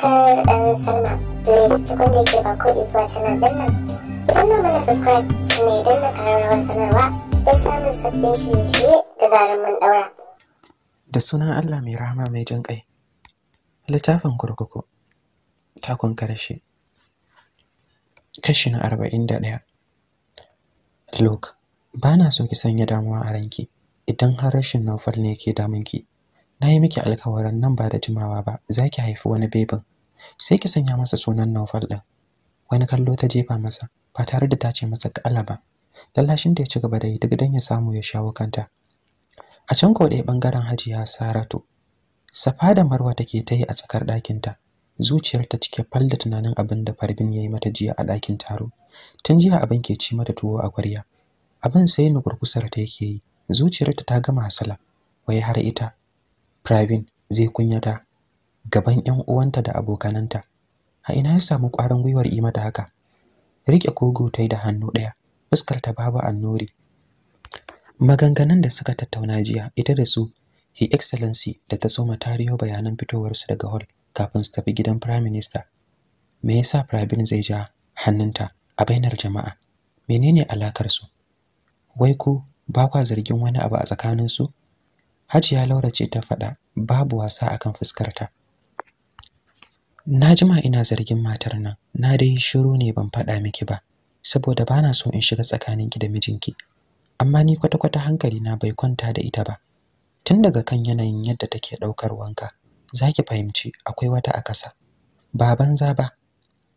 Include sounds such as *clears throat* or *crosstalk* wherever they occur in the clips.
subscribe and sign up. Please ke subscribe sanarwa don samun sabbin shirye da sunan Allah mai rahama mai jin kai. Littafin kurkuku. Takon karshe. Kashi na arba'in da ɗaya. Luke, ba na so ki sanya damuwa a ranki idan har rashin nufar ne ke damunki. na yi miki alkawarin nan ba da jimawa ba za ki haifi wani bebin sai ki sanya masa sunan naufal ɗin wani kallo ta jefa masa ba tare da ta ce masa ƙala ba lallashin da ya ci gaba da yi duk dan ya samu ya shawo kanta a can ko ɓangaren hajiya saratu safa da marwa take ta yi a tsakar ɗakinta zuciyarta cike fal da tunanin abin da farbin ya yi mata jiya a ɗakin taro tun jiya abin ke ci mata tuwo a kwarya abin sai nukurkusar ta yake yi zuciyarta ta gama hasala wai har ita Pravin zai kunyata gaban 'yan uwanta da abokananta. A ina ya samu ƙwarin gwiwar yi mata haka? Rike kogo ta da hannu ɗaya, fuskar ta babu annori. Maganganun da suka tattauna jiya ita da su His Excellency da ta soma tariyo bayanan fitowarsu daga hall kafin su tafi gidan Prime Minister. Me yasa Pravin zai ja hannunta a bainar jama'a? Menene alakar Wai ku ba kwa zargin wani abu a tsakaninsu? Hajiya Laura ce ta faɗa babu wasa akan fuskarta. Na jima ina zargin matar nan, na dai shiru ne ban faɗa miki ba, saboda bana so in shiga tsakaninki da mijinki. Amma ni kwata-kwata hankali na bai kwanta da ita ba. Tun daga kan yanayin yadda take ɗaukar wanka, za ki fahimci akwai wata a ƙasa. Ba banza ba,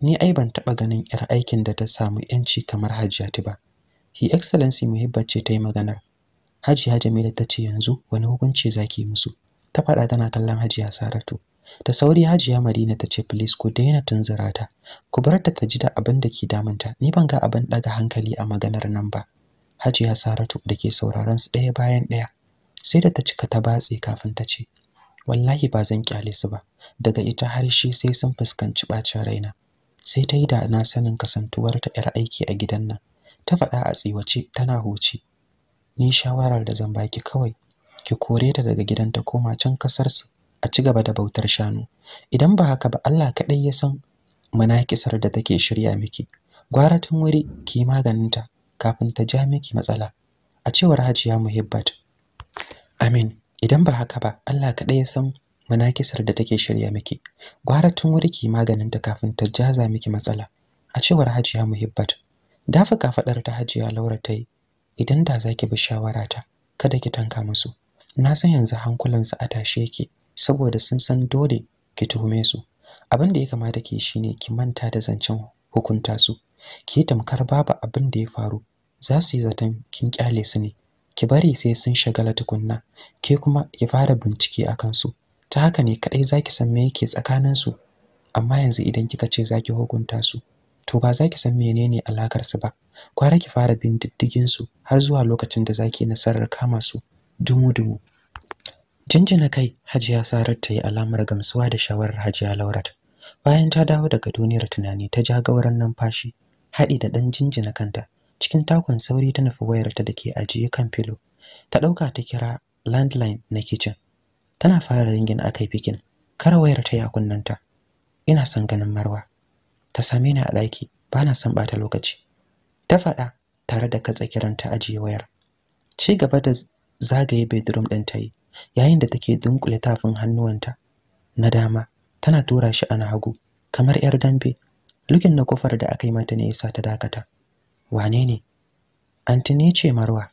ni ai ban taɓa ganin 'yar aikin da ta samu 'yanci kamar ta ba. Hi Excellency Muhibba ce ta yi maganar, Hajiya Jamila ta ce yanzu wani hukunci zaki musu ta faɗa tana kallon Hajiya Saratu da sauri Hajiya Madina ta ce please ku daina tunzura ta ku bar ta ta ji da abin da ke damunta ni ban ga abin ɗaga hankali a maganar nan ba Hajiya Saratu da ke sauraron su ɗaya bayan ɗaya sai da ta cika ta batse kafin ta ce wallahi ba zan kyale su ba daga ita har shi sai sun fuskanci ɓacin raina sai ta yi da na sanin kasantuwar ta yar aiki a gidan nan ta faɗa a tsiwace tana huci ni shawarar da zan baki kawai ki kore ta daga gidan ta koma can kasar su a ci gaba da bautar shanu idan ba haka ba Allah kaɗai ya san munakisar da take shirya miki gwara tun wuri ki yi maganinta kafin ta ja miki matsala a cewar Hajiya Muhibbat Amin idan ba haka ba Allah kaɗai ya san munakisar da take shirya miki gwara tun wuri ki maganinta kafin ta jaza miki matsala a cewar Hajiya Muhibbat dafa kafadar ta Hajiya Laura ta yi idan da za ki bi shawarata kada ki tanka musu na san yanzu hankulansu a tashe yake saboda sun san dole ki tuhume su abin da ya kamata ki ne ki manta da zancen hukunta su ki yi tamkar babu abin da ya faru za su yi zaton kin kyale su ne ki bari sai sun shagala tukunna ke kuma ki fara bincike a kansu ta haka ne kadai ki san me yake tsakanin su amma yanzu idan kika ce za ki hukunta su to ba za ki san menene alakar su ba kwara ki fara bin diddigin su har zuwa lokacin da zaki nasarar kama su dumu dumu jinjina kai hajiya sarar ta yi alamar gamsuwa da shawarar hajiya laurat bayan ta dawo daga duniyar tunani ta ja gauran numfashi haɗi da ɗan jinjina kanta cikin takon sauri ta nufi wayarta da ke ajiye kan filo ta ɗauka ta kira landline na kicin. tana fara ringin akai fikin kar wayar ta ya kunnanta ina son ganin marwa ta same ni a ɗaki ba na son ɓata lokaci ta faɗa tare da katsa ta ajiye wayar ci gaba da zagaye bedroom ɗin ta yi yayin da take dunkule tafin hannuwanta na dama tana tura shi a na hagu kamar 'yar dambe lukin na kofar da aka yi mata ne yasa ta dakata wane ne antini ce marwa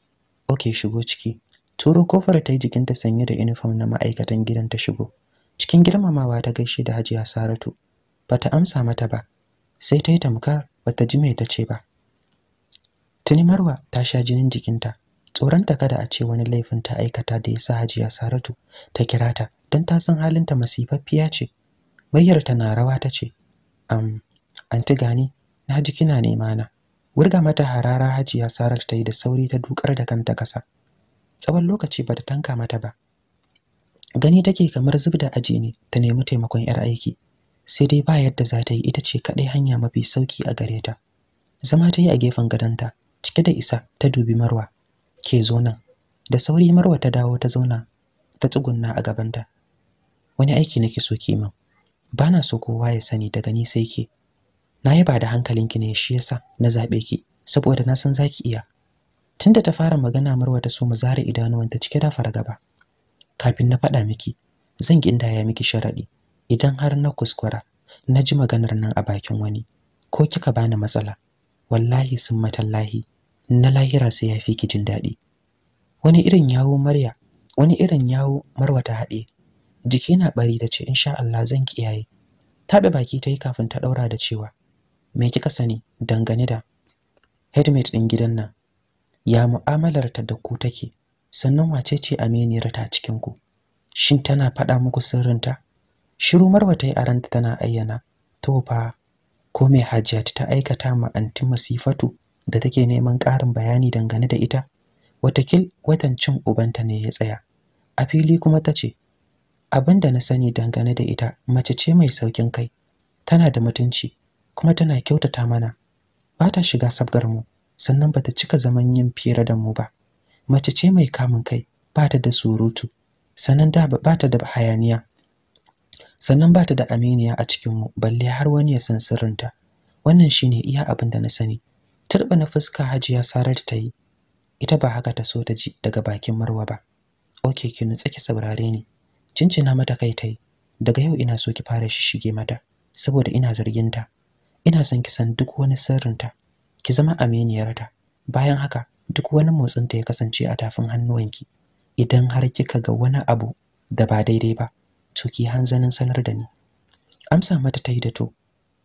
oke shigo ciki turo kofar ta yi jikinta sanye da uniform na ma'aikatan gidan ta shigo cikin girmamawa ta gaishe da hajiya saratu bata amsa mata ba sai ta yi tamkar bata ji mai ta ce ba tuni marwa ta sha jinin jikinta tsoronta kada a ce wani laifin ta aikata da ya sa hajiya saratu ta kira ta don ta san halinta masifaffiya ce muryar ta na rawa ta ce am anti gani na ji kina nema na wurga mata harara hajiya saratu ta yi da sauri ta dukar da kanta kasa tsawon lokaci bata tanka mata ba gani take kamar zub da aji ne ta nemi taimakon yar aiki sai dai ba yadda za ta yi ita ce kaɗai hanya mafi sauki a gare ta zama ta yi a gefen gadonta cike da isa ta dubi marwa ke zo nan da sauri marwa ta dawo ta zauna ta tsugunna a gabanta wani aiki nake so ki min ba na so kowa ya sani daga ni sai ke na yi ba da hankalinki ne shi yasa na zaɓe ki saboda na san za ki iya tunda ta fara magana marwa ta so mu zare idanuwanta cike da fargaba kafin na faɗa miki zan ya miki sharaɗi idan har na kuskura na ji maganar nan a bakin wani ko kika bani matsala wallahi sun matallahi na lahira sai ya fi ki jin daɗi wani irin yawo marya wani irin yawo marwa ta haɗe jiki na bari da ce insha Allah zan kiyaye taɓe baki ta yi kafin ta ɗaura da cewa me kika sani dangane da headmate ɗin gidan nan ya mu'amalar ta da ku take sannan wace ce aminiyar ta cikin ku shin tana faɗa muku sirrinta Shiru Marwa ta yi a ranta tana ayyana, to fa ko mai Hajjat ta aikata ma anti Masifatu da take neman ƙarin bayani dangane da ita? Watakil watan cin ubanta ne ya tsaya. A fili kuma ta ce, abin da na sani dangane da ita mace ce mai saukin kai, tana da mutunci, kuma tana kyautata mana. Ba ta shiga sabgar mu, sannan ba ta cika zaman yin fira da mu ba. Mace ce mai kamun kai, ba ta da surutu, sannan da ba ta da hayaniya. sannan ba ta da aminiya a cikinmu balle har wani ya san sirrinta wannan shine iya abin da na sani turba na fuska hajiya sarar ta yi ita ba haka ta so ta ji daga bakin marwa ba oke ki nutsa ki saurare ni cincina mata kai ta daga yau ina so ki fara shi shige mata saboda ina zargin ta, ina son ki san duk wani sirrinta ki zama aminiyar ta bayan haka duk wani motsin ta ya kasance a tafin hannuwanki idan har kika ga wani abu da ba daidai ba cuki hanzanin sanar da ni amsa mata ta yi da to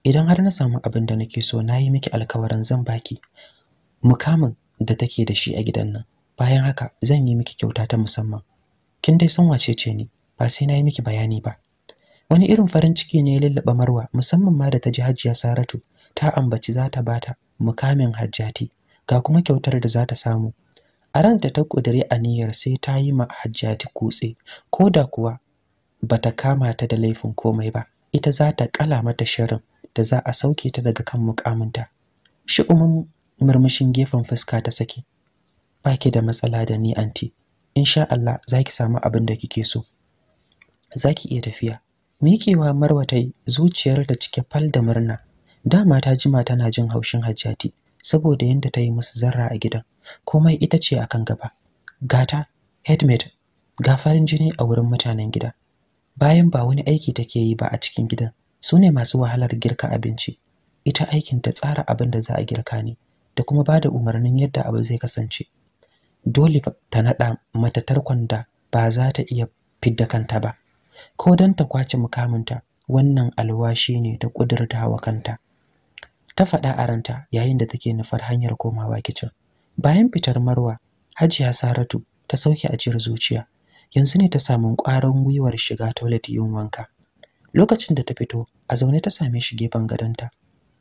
idan har na samu abin da nake so na yi miki alkawarin zan baki mukamin da take da shi a gidan nan bayan haka zan yi miki kyauta ta musamman kin dai san wace ce ni ba sai na yi miki bayani ba wani irin farin ciki ne ya marwa musamman ma da ta ji hajiya saratu ta ambaci za ta bata mukamin hajjati ga kuma kyautar da za ta samu a ranta ta ƙudiri aniyar sai ta yi ma hajjati kutse ko da kuwa bata kama ta da laifin komai ba ita za ta kala mata shirin da za a sauke ta daga kan mukaminta shi umman murmushin gefen fuska ta saki Ba ki da matsala da ni anti insha Allah ki samu abin da kike so Za ki iya tafiya miƙewa Marwa ta yi zuciyar da cike fal da murna dama ta jima tana jin haushin Hajjati saboda yanda ta yi musu zarra a gidan komai ita ce akan gaba gata headmate ga farin jini a wurin mutanen gida bayan ba wani aiki take yi ba a cikin gidan su ne masu wahalar girka abinci ita aikin ta tsara abin da za a girka ne da kuma ba da umarnin yadda abu zai kasance dole ta naɗa mata tarkon da ba za ta iya fidda kanta ba ko don ta kwace mukaminta wannan alwashi ne ta ƙudurta wa kanta ta faɗa a ranta yayin da take nufar hanyar komawa kicin bayan fitar marwa hajiya saratu ta sauke ajiyar zuciya yanzu ne ta samu ƙwarin gwiwar shiga toilet yin wanka lokacin da ta fito a zaune ta same shi gefen gadonta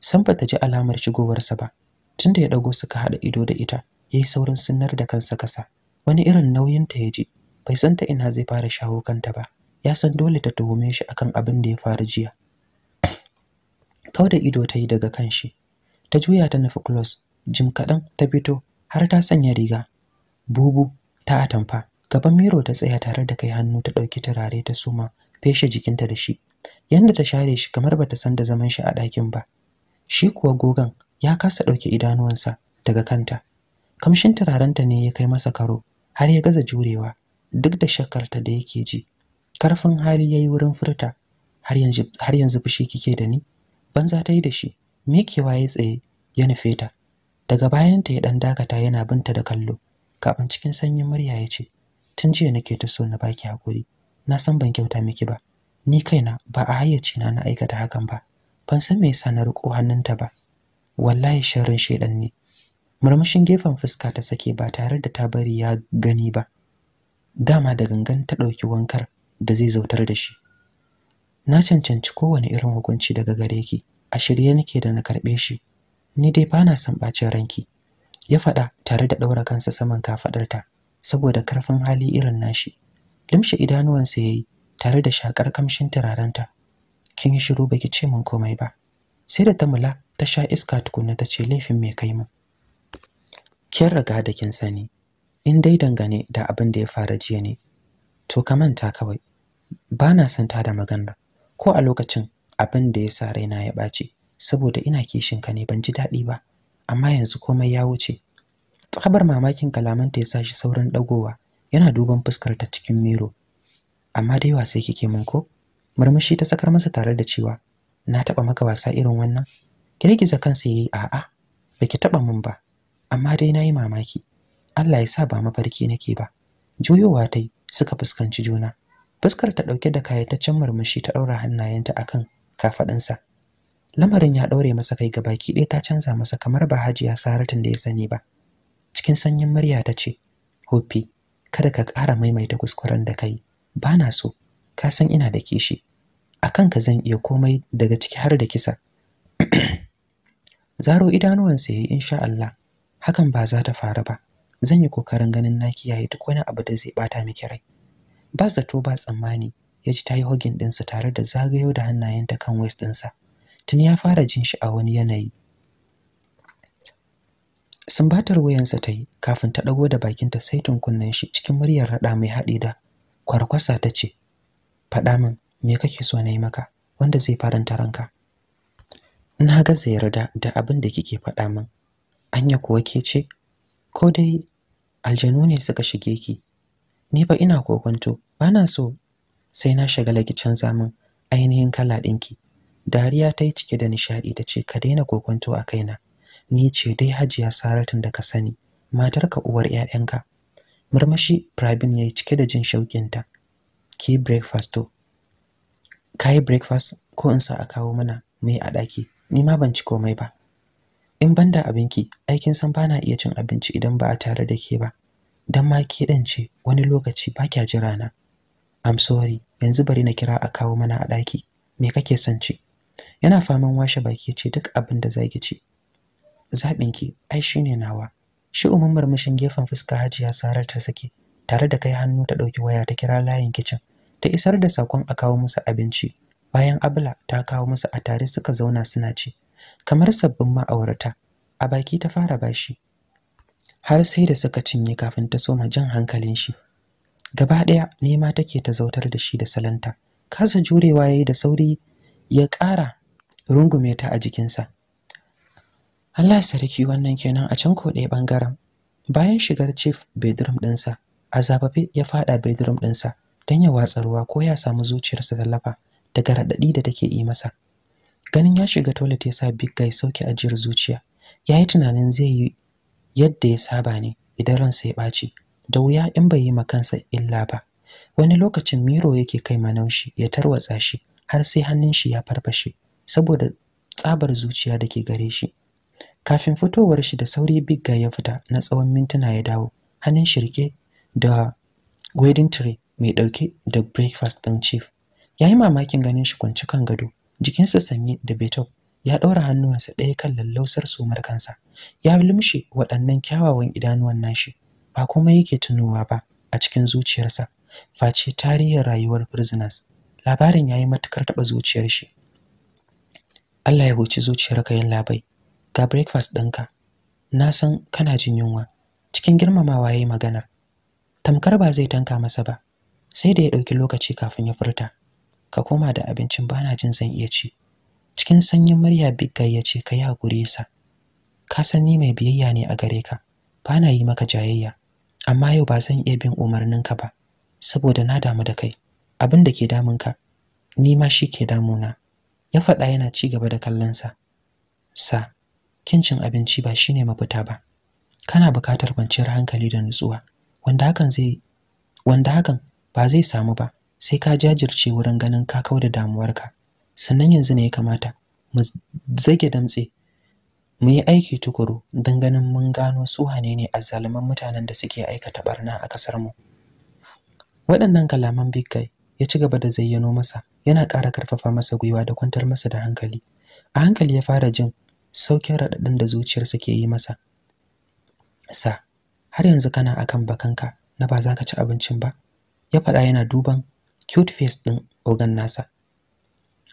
san ba ta ji alamar shigowarsa ba tunda ya dago suka haɗa ido da ita ya yi saurin sunnar da kansa kasa wani irin nauyinta ya ji bai san ta ina zai fara shawo kanta ba ya san dole ta tuhume shi akan abin da ya faru jiya kau da ido ta yi daga kan shi ta juya ta nufi close jim kaɗan ta fito har ta sanya riga bubu ta atamfa gaban miro ta tsaya tare da kai hannu ta ɗauki turare ta suma feshe jikinta da shi yadda ta share shi kamar bata san da zaman shi a ɗakin ba shi kuwa gogan ya kasa ɗauki idanuwansa daga kanta kamshin turarenta ne ya kai masa karo har ya gaza jurewa duk da shakarta da yake ji karfin hali yayi wurin furta har yanzu har yanzu fushi kike da ni banza ta yi da shi mikewa ya tsaye ya nufeta. ta daga bayanta ya ɗan dakata yana binta da kallo kafin cikin sanyin murya ya ce tun jiya nake ta so na baki hakuri na san ban kyauta miki ba ni kaina ba a hayyaci na na aikata hakan ba ban san me yasa na riko hannunta ba wallahi sharrin shedan ne murmushin gefen fuska ta sake ba tare da ta bari ya gani ba dama da gangan ta ɗauki wankar da zai zautar da shi na cancanci kowane irin hukunci daga gare ki a shirye nake da na karɓe shi ni dai bana son ɓacin ranki ya faɗa tare da ɗaura kansa saman kafaɗarta saboda karfin hali irin nashi limshe idanuwansa yayi tare da shakar kamshin turarenta kin yi shiru baki ce min komai ba sai da ta mula ta sha iska tukunna ta ce laifin mai kai min kin riga da kin sani in dai dangane da abin da ya fara jiya ne to ka manta kawai ba na son da magana ko a lokacin abin da ya sa raina ya ɓace, saboda ina kishin ka ne ban ji daɗi ba amma yanzu komai ya wuce Tsabar mamakin kalamanta ya sa shi saurin dagowa, yana duban fuskar ta cikin miro. Amma dai wasai kike mun ko? Murmushi ta sakar masa tare da cewa, "Na taba maka wasa irin wannan?" Girgiza kansa yayi, "A'a, baki taba mun ba." Amma dai nayi mamaki. Allah ya sa ba mafarki nake ba. Juyowa tai suka fuskanci juna. Fuskar ta dauke da kayataccen murmushi ta daura hannayenta akan kafadansa. Lamarin ya daure masa kai gabaki ɗaya ta canza masa kamar ba Hajiya Saratun da ya sani ba. cikin sanyin murya ta ce hofi kada ka ƙara maimaita kuskuren da kai ba na so ka san ina da kishi a kanka zan iya komai daga ciki har da kisa *clears throat* zaro idanuwansa ya yi insha Allah hakan ba za ta faru ba zan yi kokarin ganin na kiyaye duk wani abu da zai ɓata miki rai ba zato ba tsammani ya ji ta yi hogin ɗinsa tare da zagayo da hannayenta kan waist ɗinsa tun ya fara jin shi a wani yanayi Sumbatar wuyansa ta yi kafin ta ɗago da bakinta sai tun kunnen shi cikin muryar raɗa mai haɗi da kwarkwasa ta ce, Faɗa min me kake so na yi maka wanda zai faranta ranka. Na zai yarda da abin da kike faɗa min. Anya kuwa ke ce, ko dai aljanu ne suka shige ki. Ni fa ina kokonto, na so sai na shagala ki canza min ainihin kala ɗinki. Dariya ta yi cike da nishaɗi ta ce, ka daina kokonto a kaina. ni ce dai hajiya saratun da ka sani matarka uwar 'ya'yanka murmushi Pravin ya yi cike da jin shauƙinta ki breakfast to ka yi breakfast ko in sa a kawo mana mai a ɗaki ni ma ban ci komai ba in ban da abinki aikin san bana iya cin abinci idan ba a tare da ke ba dan ma ke dan ce wani lokaci ba kya jira na i'm sorry yanzu bari na kira a kawo mana a ɗaki me kake son ci yana faman washe baki ce duk abin da zaki ci zaɓinki ai ne nawa shi umar murmushin gefen fuska hajiya sarar ta sake tare da kai hannu ta ɗauki waya ta kira layin kicin ta isar da sakon a kawo musu abinci bayan abla ta kawo musu a tare suka zauna suna ci kamar sabbin ma'aurata a baki ta fara bashi har sai da suka cinye kafin ta soma jan hankalin shi gaba ɗaya nema take ta zautar da shi da salanta kasa jurewa yayi da sauri ya ƙara rungume ta a jikinsa Allah sarki wannan kenan a can ko ɗaya bangaren bayan shigar chief bedroom ɗinsa a zababe ya fada bedroom ɗinsa don ya watsa ruwa ko ya samu zuciyarsa da lafa daga raɗaɗi da take yi masa ganin ya shiga toilet ya sa big guy sauke ajiyar zuciya ya yi tunanin zai yi yadda ya saba ne idan ransa ya ɓaci da wuya in bai yi ma kansa illa ba wani lokacin miro yake kai manaushi ya tarwatsa shi har sai hannun shi ya farfashe saboda tsabar zuciya da ke gare shi kafin fitowar shi da sauri bigga ya fita na tsawon mintuna ya dawo hannun shirke da wedding tree mai dauke da breakfast din chief yi mamakin ganin shi kwanci kan gado jikinsa sanye da betop ya ɗaura hannuwansa ɗaya kan lallausar somar kansa ya lumshe waɗannan kyawawan idanuwan nashi ba kuma yake tunowa ba a cikin zuciyarsa face tarihin rayuwar prisoners labarin yayi matukar taɓa zuciyar shi Allah ya huci zuciyarka yin labai ga breakfast ɗinka na san kana jin yunwa cikin girmamawa ya yi maganar tamkar ba zai tanka masa ba sai da ya ɗauki lokaci kafin ya furta ka koma da abincin bana jin zan iya ci cikin sanyin murya bigga ya ce ka yi hakuri sa ka san ni mai biyayya ne a gare ka bana yi maka jayayya amma yau ba zan iya bin umarninka ba saboda na damu da kai abin da ke ka. ni ma shi ke damuna ya faɗa yana ci gaba da kallonsa sa cin abinci ba shine mafita ba kana buƙatar kwanciyar hankali da nutsuwa wanda hakan zai wanda hakan ba zai samu ba sai ka jajirce wurin ganin ka da damuwarka sannan yanzu ne ya kamata mu zage damtse mu yi aiki tukuru don ganin mun gano su ne a zaluman mutanen da suke aikata barna a ƙasar mu waɗannan kalaman big guy ya ci gaba da zayyano masa yana ƙara karfafa masa gwiwa da kwantar masa da hankali a hankali ya fara jin saukin raɗaɗin da zuciyarsa ke yi masa sa har yanzu kana akan bakanka na ba za ka ci abincin ba ya faɗa yana duban cute face ɗin ogan nasa A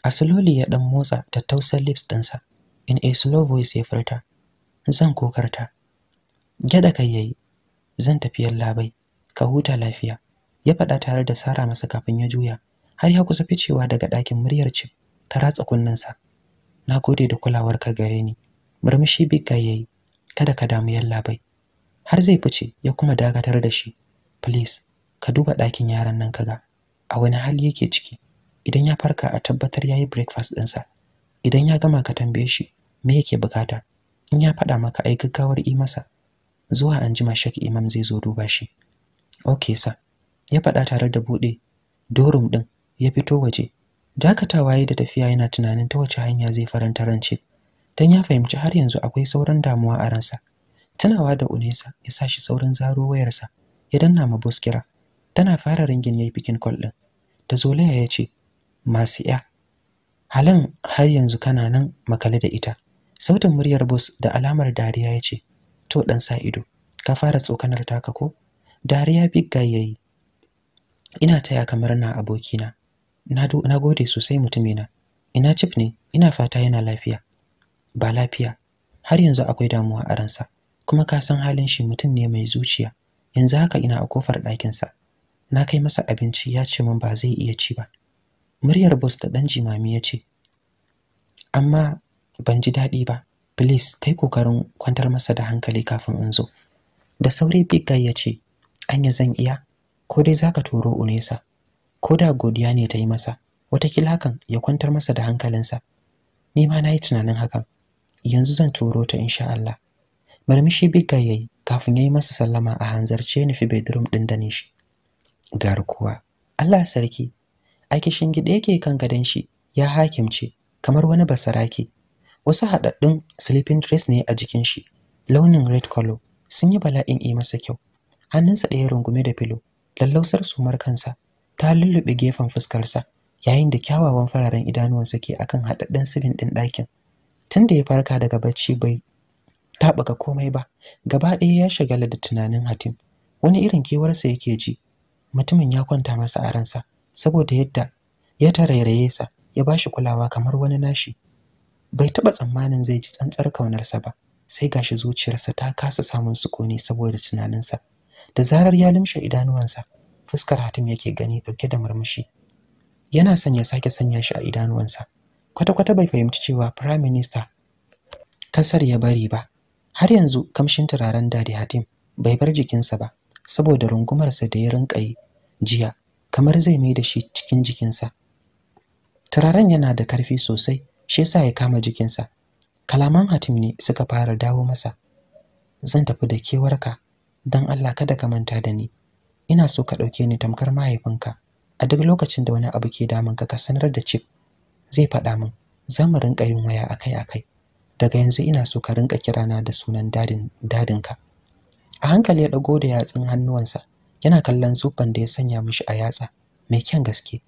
asiloli ya ɗan motsa tattausan lips ɗinsa in a slow voice ya furta zan kokarta gyaɗa kai yayi zan tafi labai ka huta lafiya ya faɗa tare da sara masa kafin ya juya har ya kusa ficewa daga ɗakin muryar cip ta ratsa kunnensa na gode da kulawarka gare ni murmushi bigga yayi kada ka damu yallabai har zai fice ya kuma dakatar da shi please ka duba ɗakin yaran nan kaga a wani hali yake ciki idan ya farka a tabbatar ya yi breakfast ɗinsa idan ya gama ka tambaye shi me yake bukata in ya faɗa maka ai gaggawar yi masa zuwa anjima shek imam zai zo duba shi okay sa ya faɗa tare da buɗe dorum ɗin ya fito waje dakatawa yayi da tafiya yana tunanin ta wace hanya zai faranta rance dan ya fahimci har yanzu akwai sauran damuwa a ransa tunawa da Unesa ya sa shi saurin zaro wayarsa ya danna ma boss kira tana fara ringin yayi bikin call din da zolaya ya ce masu ya Halin har yanzu kana nan makale da ita sautin muryar boss da alamar dariya ya ce to dan sa ido ka fara tsokanar taka ko dariya bigga yayi ina taya kamar na abokina na gode sosai mutumina ina cif ne ina fata yana lafiya ba lafiya har yanzu akwai damuwa a ransa kuma ka san halin shi mutum ne mai zuciya yanzu haka ina a kofar ɗakinsa na kai masa abinci ya ce min ba zai iya ci ba muryar boss da ɗan jimami ya ce amma ban ji daɗi ba please kai kokarin kwantar masa da hankali kafin in zo da sauri big guy ya ce anya zan iya ko dai zaka turo unesa ko da godiya ne ta yi masa watakila hakan ya kwantar masa da hankalinsa ni ma na yi tunanin hakan yanzu zan turo ta insha Allah marmishi bigga ya yi kafin ya yi masa sallama a hanzarce nufi bedroom ɗin da shi garkuwa Allah sarki a kishin gida yake kan gadon shi ya hakimce kamar wani basarake wasu haɗaɗɗun sleeping dress ne a jikin shi launin red color sun yi bala'in yi masa kyau hannunsa ɗaya rungume da filo lallausar sumar kansa ta lullube gefen fuskarsa yayin da kyawawan fararen idanuwansa ke akan haɗaɗɗen silin ɗin ɗakin tunda ya farka daga bacci bai taɓaka komai ba gaba ɗaya ya shagala da tunanin hatim wani irin kewarsa yake ji mutumin ya kwanta masa a ransa saboda yadda ya tarairaye sa ya bashi kulawa kamar wani nashi bai taɓa tsammanin zai ji tsantsar kaunarsa ba sai gashi zuciyarsa ta kasa samun sukuni saboda tunaninsa da zarar ya limshe idanuwansa fuskar Hatim yake gani dauke da murmushi yana son ya sake sanya shi a idanuwansa kwata-kwata bai fahimci cewa prime minister kasar ya bari ba har yanzu kamshin turaren dadi Hatim bai bar jikinsa ba saboda rungumarsa da ya rinka yi jiya kamar zai mai da shi cikin jikinsa turaren yana da karfi sosai shi yasa ya kama jikinsa kalaman Hatim ne suka fara dawo masa zan tafi da kewarka don Allah kada ka manta da ni ina so ka ɗauke ni tamkar mahaifinka a duk lokacin da wani abu ke damun ka ka sanar da chief zai faɗa min za mu rinka yin waya akai-akai daga yanzu ina so ka rinka kirana da sunan dadin ka. a hankali ya ɗago da yatsun hannuwansa yana kallon zufan da ya sanya mishi a yatsa mai kyan gaske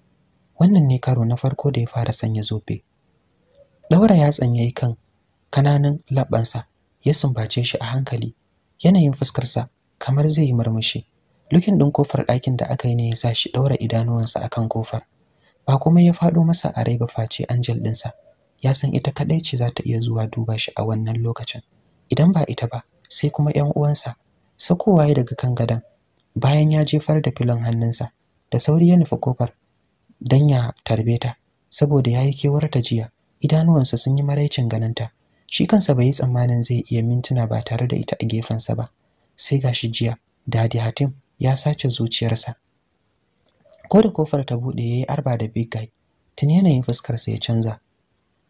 wannan ne karo na farko da ya fara sanya zobe ɗaura yatsan yayi kan kananan labbansa ya sumbace shi a hankali yanayin fuskarsa kamar zai yi murmushi Dukin ɗin kofar ɗakin da aka yi ne ya sa shi ɗaura idanuwansa a kan kofar. Ba kuma ya faɗo masa a rai face Angel ɗinsa. Ya san ita kaɗai ce za ta iya zuwa duba shi a wannan lokacin. Idan ba ita ba, sai kuma ‘yan uwansa. Sakowa ya daga kan gadon. Bayan ya jefar da filon hannunsa, da sauri ya nufi kofar don ya tarbe ta, saboda ya yi kewar ta jiya. Idanuwansa sun yi maraicin ganinta. Shi kansa bai yi tsammanin zai iya mintuna ba tare da ita a gefensa ba. Sai ga shi jiya, Dadi Hatim ya sace zuciyarsa ko da kofar ta buɗe ya yi arba da big guy tun yanayin fuskarsa ya canza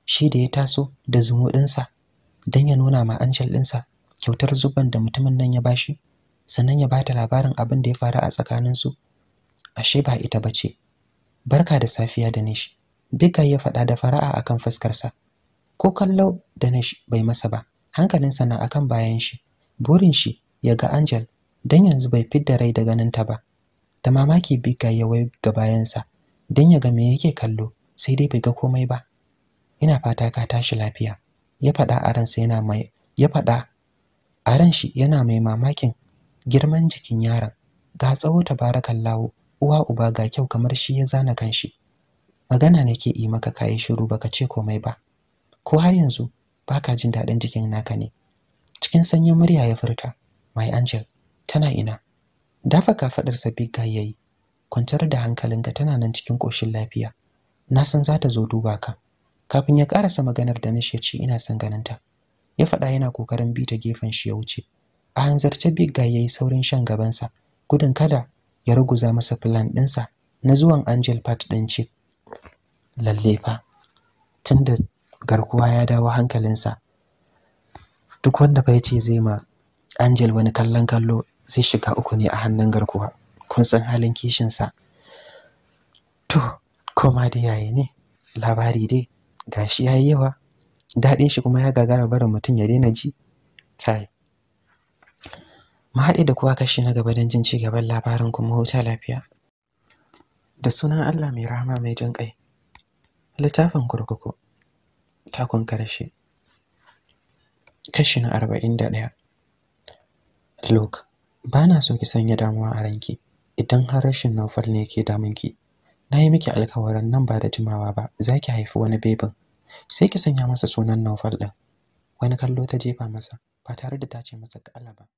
shi da ya taso da zumuɗinsa don ya nuna ma angel ɗinsa kyautar zuban da mutumin nan ya bashi sannan ya bata labarin abin da ya faru a tsakaninsu ashe ba ita ba ce barka da safiya da nishi big guy ya faɗa da fara'a akan fuskarsa ko kallo da nishi bai masa ba hankalinsa na akan bayan shi burin shi ya ga angel don yanzu bai fidda rai da ta ba da mamaki bika ya wai ga bayansa don ya ga me yake kallo sai dai bai ga komai ba ina fata ka tashi lafiya ya faɗa a ransa yana mai ya faɗa a ran shi yana mai mamakin girman jikin yaron ga tsawo tabarakallahu uwa uba ga kyau kamar shi ya zana kanshi magana nake yi maka kayi shiru baka ce komai ba ko har yanzu baka jin daɗin jikin naka ne cikin sanyin murya ya furta my angel tana ina dafa kafadarsa bigga yayi kwantar da hankalinka tana nan cikin koshin lafiya na san za ta zo duba ka kafin ya karasa maganar da nishi ya ce ina san ganinta ya faɗa yana kokarin bi ta gefen shi ya wuce a hanzarce bigga yayi saurin shan gabansa gudun kada ya ruguza masa plan ɗinsa na zuwan angel part ɗin ce lalle fa tunda garkuwa ya dawo hankalinsa duk wanda bai ce zai ma angel wani kallon kallo zai shiga uku ne a hannun garkuwa kun san halin kishinsa to koma da yayi ne labari dai gashi yayi yawa daɗin shi kuma ya gagara barin mutum ya daina ji kai mu haɗe da kuwa kashi na gaba don jin ci gaban labarin kuma huta lafiya da sunan Allah mai rahama mai jin ƙai littafin kurkuku takon karshe kashi na arba'in da ɗaya Luke ba na so ki sanya damuwa a ranki idan har rashin naufal ne ke ki. na yi miki alkawarin nan ba da jimawa ba za ki haifi wani bebin sai ki sanya masa sunan naufal ɗin wani kallo ta jefa masa ba tare da ta ce masa kala ba